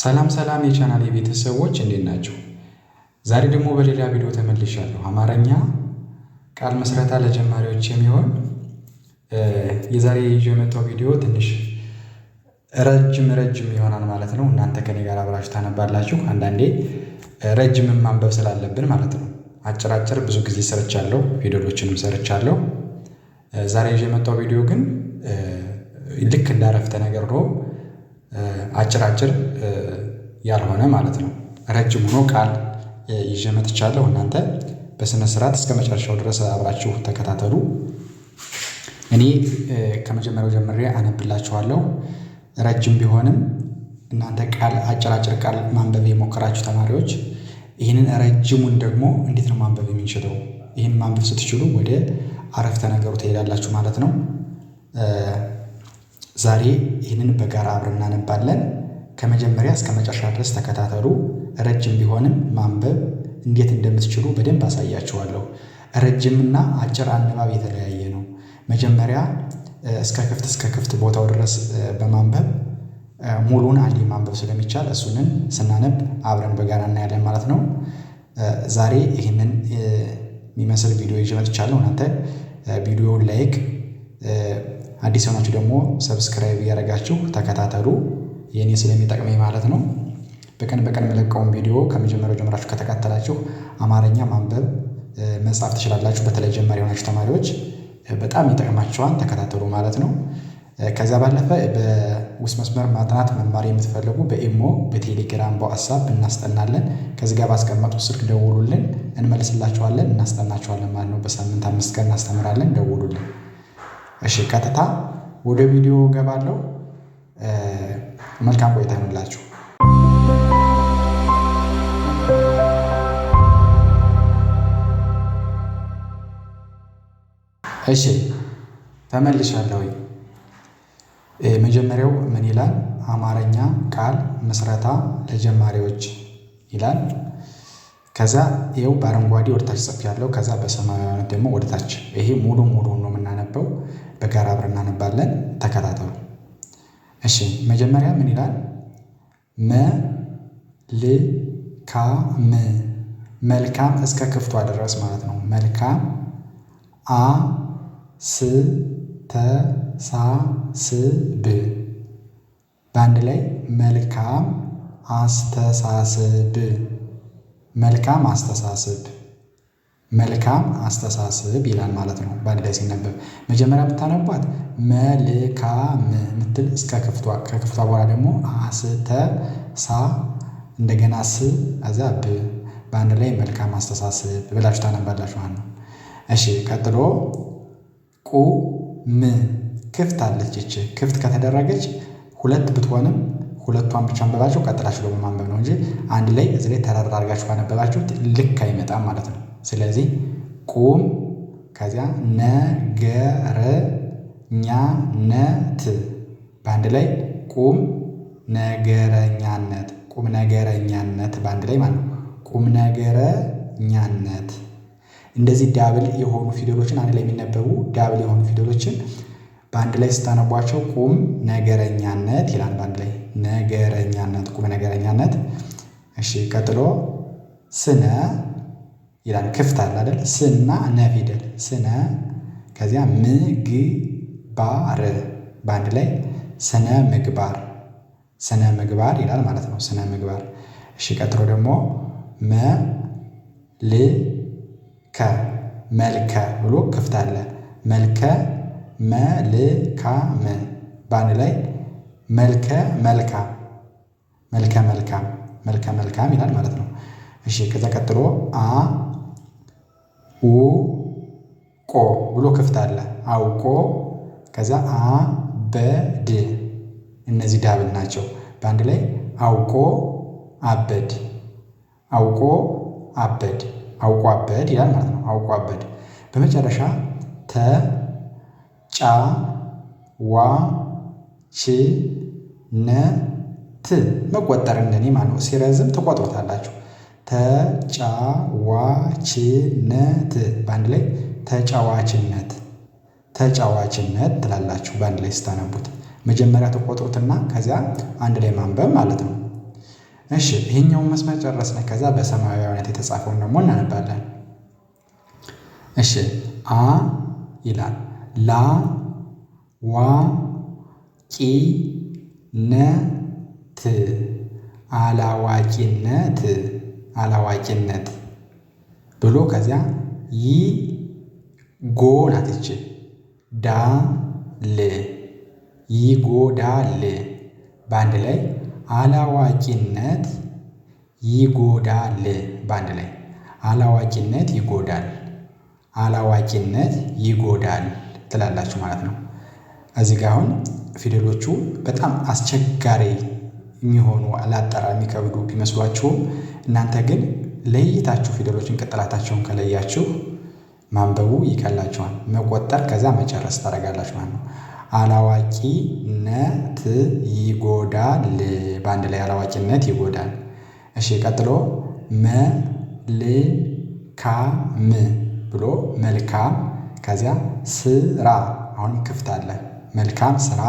ሰላም ሰላም የቻናል የቤተሰቦች እንዴት ናቸው? ዛሬ ደግሞ በሌላ ቪዲዮ ተመልሻለሁ። አማርኛ ቃል መስረታ ለጀማሪዎች የሚሆን የዛሬ ይዤ የመጣው ቪዲዮ ትንሽ ረጅም ረጅም ይሆናል ማለት ነው። እናንተ ከኔ ጋር አብራችሁ ታነባላችሁ። አንዳንዴ ረጅም ማንበብ ስላለብን ማለት ነው። አጭር አጭር ብዙ ጊዜ ሰርቻለሁ፣ ፊደሎችንም ሰርቻለሁ። ዛሬ ይዤ የመጣው ቪዲዮ ግን ልክ እንዳረፍተ ነገር ነው አጭራጭር አጭር ያልሆነ ማለት ነው። ረጅም ሆኖ ቃል ይዤ መጥቻለሁ። እናንተ በስነ ስርዓት እስከ መጨረሻው ድረስ አብራችሁ ተከታተሉ። እኔ ከመጀመሪያው ጀምሬ አነብላችኋለሁ። ረጅም ቢሆንም እናንተ ቃል አጭራጭር ቃል ማንበብ የሞከራችሁ ተማሪዎች ይህንን ረጅሙን ደግሞ እንዴት ነው ማንበብ የምንችለው? ይህን ማንበብ ስትችሉ ወደ አረፍተ ነገሩ ትሄዳላችሁ ማለት ነው። ዛሬ ይህንን በጋራ አብረን እናነባለን። ከመጀመሪያ እስከ መጨረሻ ድረስ ተከታተሉ። ረጅም ቢሆንም ማንበብ እንዴት እንደምትችሉ በደንብ አሳያችኋለሁ። ረጅምና አጭር አነባብ የተለያየ ነው። መጀመሪያ እስከ ክፍት እስከ ክፍት ቦታው ድረስ በማንበብ ሙሉን አንዴ ማንበብ ስለሚቻል እሱንን ስናነብ አብረን በጋራ እናያለን ማለት ነው። ዛሬ ይህንን የሚመስል ቪዲዮ ይዤ መጥቻለሁ። እናንተ ቪዲዮውን ላይክ አዲስ የሆናችሁ ደግሞ ሰብስክራይብ እያደረጋችሁ ተከታተሉ። የእኔ ስለሚጠቅመኝ ማለት ነው። በቀን በቀን የምለቀውን ቪዲዮ ከመጀመሪያው ጀምራችሁ ከተከተላችሁ አማርኛ ማንበብ መጻፍ ትችላላችሁ። በተለይ ጀማሪ የሆናችሁ ተማሪዎች በጣም ይጠቅማችኋል። ተከታተሉ ማለት ነው። ከዛ ባለፈ በውስጥ መስመር ማጥናት መማር የምትፈልጉ በኢሞ፣ በቴሌግራም፣ በዋትሳፕ እናስጠናለን። ከዚህ ጋር ባስቀመጡ ስልክ ደውሉልን፣ እንመልስላችኋለን፣ እናስጠናችኋለን ማለት ነው። በሳምንት አምስት ቀን እናስተምራለን። ደውሉልን። እሺ ቀጥታ ወደ ቪዲዮ ገባለው። መልካም ቆይታ ይሁንላችሁ። እሺ ተመልሻለሁ። መጀመሪያው ምን ይላል? አማርኛ ቃል ምስረታ ለጀማሪዎች ይላል። ከዛ ይኸው በአረንጓዴ ወደታች ያለው ከዛ በሰማያዊ ደግሞ ወደታች ይሄ ሙሉ ሙሉ ነው የምናነበው። በጋራ አብረን እናነባለን። ተከታተሉ። እሺ መጀመሪያ ምን ይላል? መልካም መልካም እስከ ክፍቷ ድረስ ማለት ነው። መልካም አስተሳስብ በአንድ ላይ መልካም አስተሳስብ መልካም አስተሳሰብ መልካም አስተሳሰብ ይላል ማለት ነው። በአንድ ላይ ሲነበብ መጀመሪያ ብታነቧት መልካም ምትል እስከ ክፍቷ ከክፍቷ በኋላ ደግሞ አስተ ሳ እንደገና ስ ከዛ ብ በአንድ ላይ መልካም አስተሳሰብ ብላችሁ ታነባላችሁ ማለት ነው። እሺ ቀጥሎ ቁም ክፍት አለች ይቺ ክፍት ከተደረገች ሁለት ብትሆንም ሁለቷን ብቻ አንበባቸው ቀጥላችሁ ደግሞ ማንበብ ነው እንጂ አንድ ላይ እዚህ ላይ ተራራ አድርጋችሁ ካነበባችሁት ልክ አይመጣም ማለት ነው። ስለዚህ ቁም ከዚያ ነገረኛነት በአንድ ላይ ቁም ነገረኛነት ቁም ነገረኛነት በአንድ ላይ ማለት ነው። ቁም ነገረኛነት እንደዚህ ዳብል የሆኑ ፊደሎችን አንድ ላይ የሚነበቡ ዳብል የሆኑ ፊደሎችን በአንድ ላይ ስታነቧቸው ቁም ነገረኛነት ይላል በአንድ ላይ ነገረኛነት ቁም ነገረኛነት። እሺ ቀጥሎ ስነ ይላል ክፍት አለ አይደል ስና ነ ፊደል ስነ ከዚያ ምግባር በአንድ ላይ ስነ ምግባር ስነ ምግባር ይላል ማለት ነው። ስነ ምግባር እሺ ቀጥሎ ደግሞ መልከ መልከ ብሎ ክፍት አለ መልከ መልካም በአንድ ላይ መልከ መልካም መልከ መልካም መልከ መልካም ይላል ማለት ነው። እሺ ከዛ ቀጥሎ አ ኡ ቆ ብሎ ክፍት አለ አውቆ ከዛ አ በ ድ እነዚህ ዳብል ናቸው። በአንድ ላይ አውቆ አበድ አውቆ አበድ አውቆ አበድ ይላል ማለት ነው። አውቆ አበድ በመጨረሻ ተ ጫ ዋ ችነት መቆጠር እንደኔ ማለት ነው። ሲረዝም ትቆጥሩታላችሁ። ተጫዋችነት በአንድ ላይ ተጫዋችነት ተጫዋችነት ትላላችሁ በአንድ ላይ ስታነቡት መጀመሪያ ተቆጥሩትና ከዚያ አንድ ላይ ማንበብ ማለት ነው። እሺ ይሄኛውን መስመር ጨረስን። ከዛ በሰማያዊ አይነት የተጻፈውን ደግሞ እናነባለን። እሺ አ ይላል ላ ዋ ቂነት አላዋቂነት አላዋቂነት ብሎ ከዚያ ይ ጎ ናት ይቺ ዳ ል ይጎዳል በአንድ ላይ አላዋቂነት ይጎዳል በአንድ ላይ አላዋቂነት ይጎዳል አላዋቂነት ይጎዳል ትላላችሁ ማለት ነው እዚህ ጋ አሁን ፊደሎቹ በጣም አስቸጋሪ የሚሆኑ አላጠራ የሚከብዱ ቢመስሏችሁም እናንተ ግን ለይታችሁ ፊደሎችን ቅጥላታቸውን ከለያችሁ ማንበቡ ይቀላችኋል። መቆጠር ከዛ መጨረስ ታደርጋላችሁ ማለት ነው። አላዋቂነት ይጎዳል። በአንድ ላይ አላዋቂነት ይጎዳል። እሺ፣ ቀጥሎ መልካም ብሎ መልካም፣ ከዚያ ስራ። አሁንም ክፍት አለ መልካም ስራ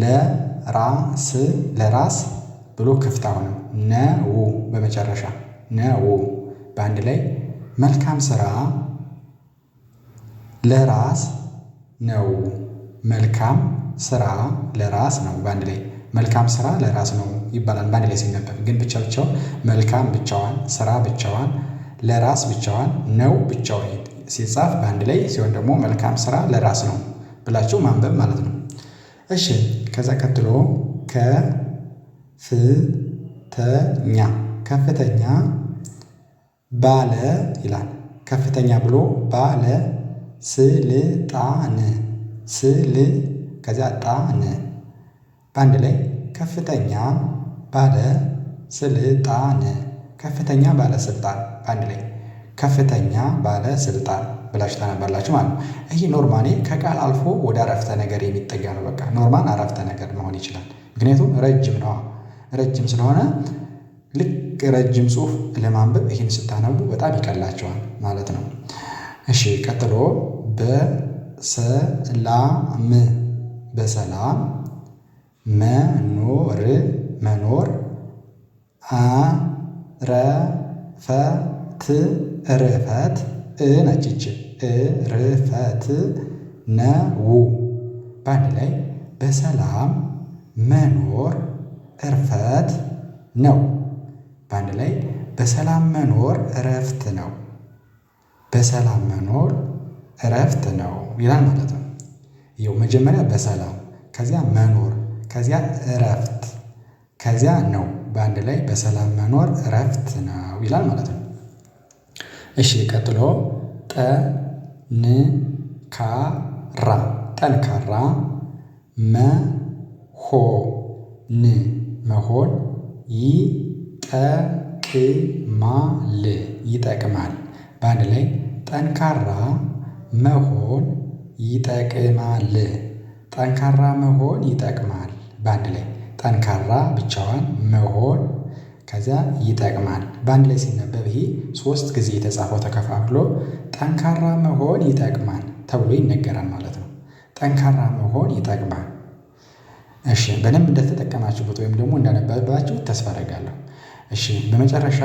ለራስ ለራስ ብሎ ክፍት አሁንም ነው በመጨረሻ ነው በአንድ ላይ መልካም ስራ ለራስ ነው። መልካም ስራ ለራስ ነው በአንድ ላይ መልካም ስራ ለራስ ነው ይባላል። በአንድ ላይ ሲነበብ ግን ብቻ ብቻው መልካም ብቻዋን ስራ ብቻዋን ለራስ ብቻዋን ነው ብቻው ሲጻፍ በአንድ ላይ ሲሆን ደግሞ መልካም ስራ ለራስ ነው ብላችሁ ማንበብ ማለት ነው። እሺ ከዛ ቀጥሎ ከፍተኛ ከፍተኛ ባለ ይላል። ከፍተኛ ብሎ ባለ ስልጣን ስል ከዚያ ጣን በአንድ ላይ ከፍተኛ ባለ ስልጣን ከፍተኛ ባለስልጣን በአንድ ላይ ከፍተኛ ባለ ስልጣን ብላችሁ ታነባላችሁ ማለት ነው። ይሄ ኖርማሊ ከቃል አልፎ ወደ አረፍተ ነገር የሚጠጋ ነው። በቃ ኖርማል አረፍተ ነገር መሆን ይችላል። ምክንያቱም ረጅም ነዋ። ረጅም ስለሆነ ልክ ረጅም ጽሁፍ ለማንበብ ይህን ስታነቡ በጣም ይቀላቸዋል ማለት ነው። እሺ ቀጥሎ በሰላም በሰላም መኖር መኖር አረፈት እርፈት እ ነች ይቺ ነው። በአንድ ላይ በሰላም መኖር እርፈት ነው። በአንድ ላይ በሰላም መኖር እረፍት ነው። በሰላም መኖር እረፍት ነው ይላል ማለት ነው። ይኸው መጀመሪያ በሰላም ከዚያ መኖር ከዚያ እረፍት ከዚያ ነው። በአንድ ላይ በሰላም መኖር እረፍት ነው ይላል ማለት ነው። እሺ ቀጥሎ ጠንካራ ጠንካራ መሆን መሆን ይጠቅማል ይጠቅማል በአንድ ላይ ጠንካራ መሆን ይጠቅማል ጠንካራ መሆን ይጠቅማል በአንድ ላይ ጠንካራ ብቻዋን መሆን ከዚያ ይጠቅማል። በአንድ ላይ ሲነበብ ይሄ ሶስት ጊዜ የተጻፈው ተከፋፍሎ ጠንካራ መሆን ይጠቅማል ተብሎ ይነገራል ማለት ነው። ጠንካራ መሆን ይጠቅማል። እሺ በደንብ እንደተጠቀማችሁበት ወይም ደግሞ እንዳነበባችሁ ተስፋ አደርጋለሁ። እሺ በመጨረሻ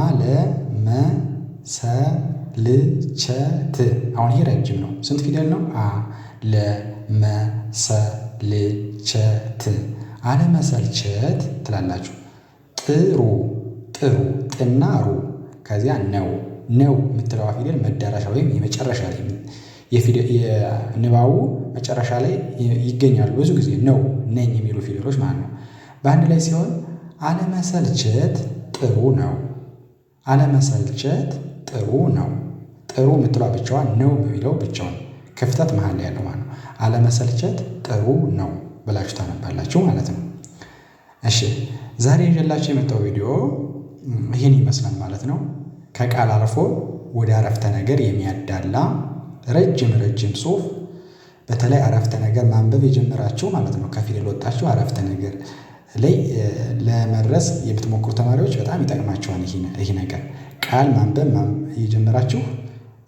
አለመሰልቸት። አሁን ይሄ ረጅም ነው። ስንት ፊደል ነው? አለመሰልቸት አለመሰልቸት ትላላችሁ። ጥሩ ጥሩ ጥና ሩ ከዚያ ነው ነው የምትለዋ ፊደል መዳረሻ ወይም የመጨረሻ ላይ የንባቡ መጨረሻ ላይ ይገኛሉ። ብዙ ጊዜ ነው ነኝ የሚሉ ፊደሎች ማለት ነው። በአንድ ላይ ሲሆን አለመሰልቸት ጥሩ ነው። አለመሰልቸት ጥሩ ነው። ጥሩ የምትለዋ ብቻዋ ነው የሚለው ብቻውን ክፍተት መሀል ላይ ያለው ማለት ነው። አለመሰልቸት ጥሩ ነው ብላችሁ ታነባላችሁ ማለት ነው። እሺ ዛሬ ይዤላችሁ የመጣው ቪዲዮ ይህን ይመስላል ማለት ነው። ከቃል አልፎ ወደ አረፍተ ነገር የሚያዳላ ረጅም ረጅም ጽሑፍ በተለይ አረፍተ ነገር ማንበብ የጀመራችሁ ማለት ነው፣ ከፊደል ወጣችሁ አረፍተ ነገር ላይ ለመድረስ የምትሞክሩ ተማሪዎች በጣም ይጠቅማቸዋል ይህ ነገር። ቃል ማንበብ የጀመራችሁ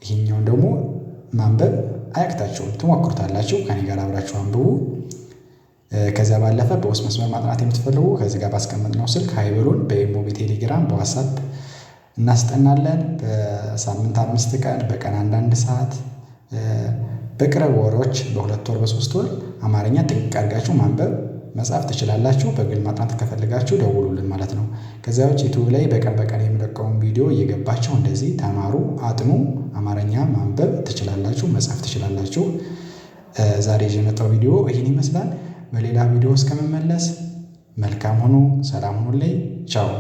ይህኛውን ደግሞ ማንበብ አያቅታችሁም፣ ትሞክሩታላችሁ። ከኔ ጋር አብራችሁ አንብቡ። ከዚያ ባለፈ በውስጥ መስመር ማጥናት የምትፈልጉ ከዚህ ጋር ባስቀመጥነው ስልክ ሃይ በኢሞ፣ በቴሌግራም፣ በዋትሳፕ እናስጠናለን። በሳምንት አምስት ቀን በቀን አንዳንድ ሰዓት በቅርብ ወሮች በሁለት ወር በሶስት ወር አማርኛ ጥንቅቅ አድርጋችሁ ማንበብ መጻፍ ትችላላችሁ። በግል ማጥናት ከፈልጋችሁ ደውሉልን ማለት ነው። ከዚያ ውጭ ዩቱብ ላይ በቀን በቀን የምለቀውን ቪዲዮ እየገባችሁ እንደዚህ ተማሩ፣ አጥኑ። አማርኛ ማንበብ ትችላላችሁ፣ መጻፍ ትችላላችሁ። ዛሬ የመጣው ቪዲዮ ይህን ይመስላል። በሌላ ቪዲዮ እስከምመለስ መልካም ሁኑ። ሰላም ሁኑልኝ። ቻው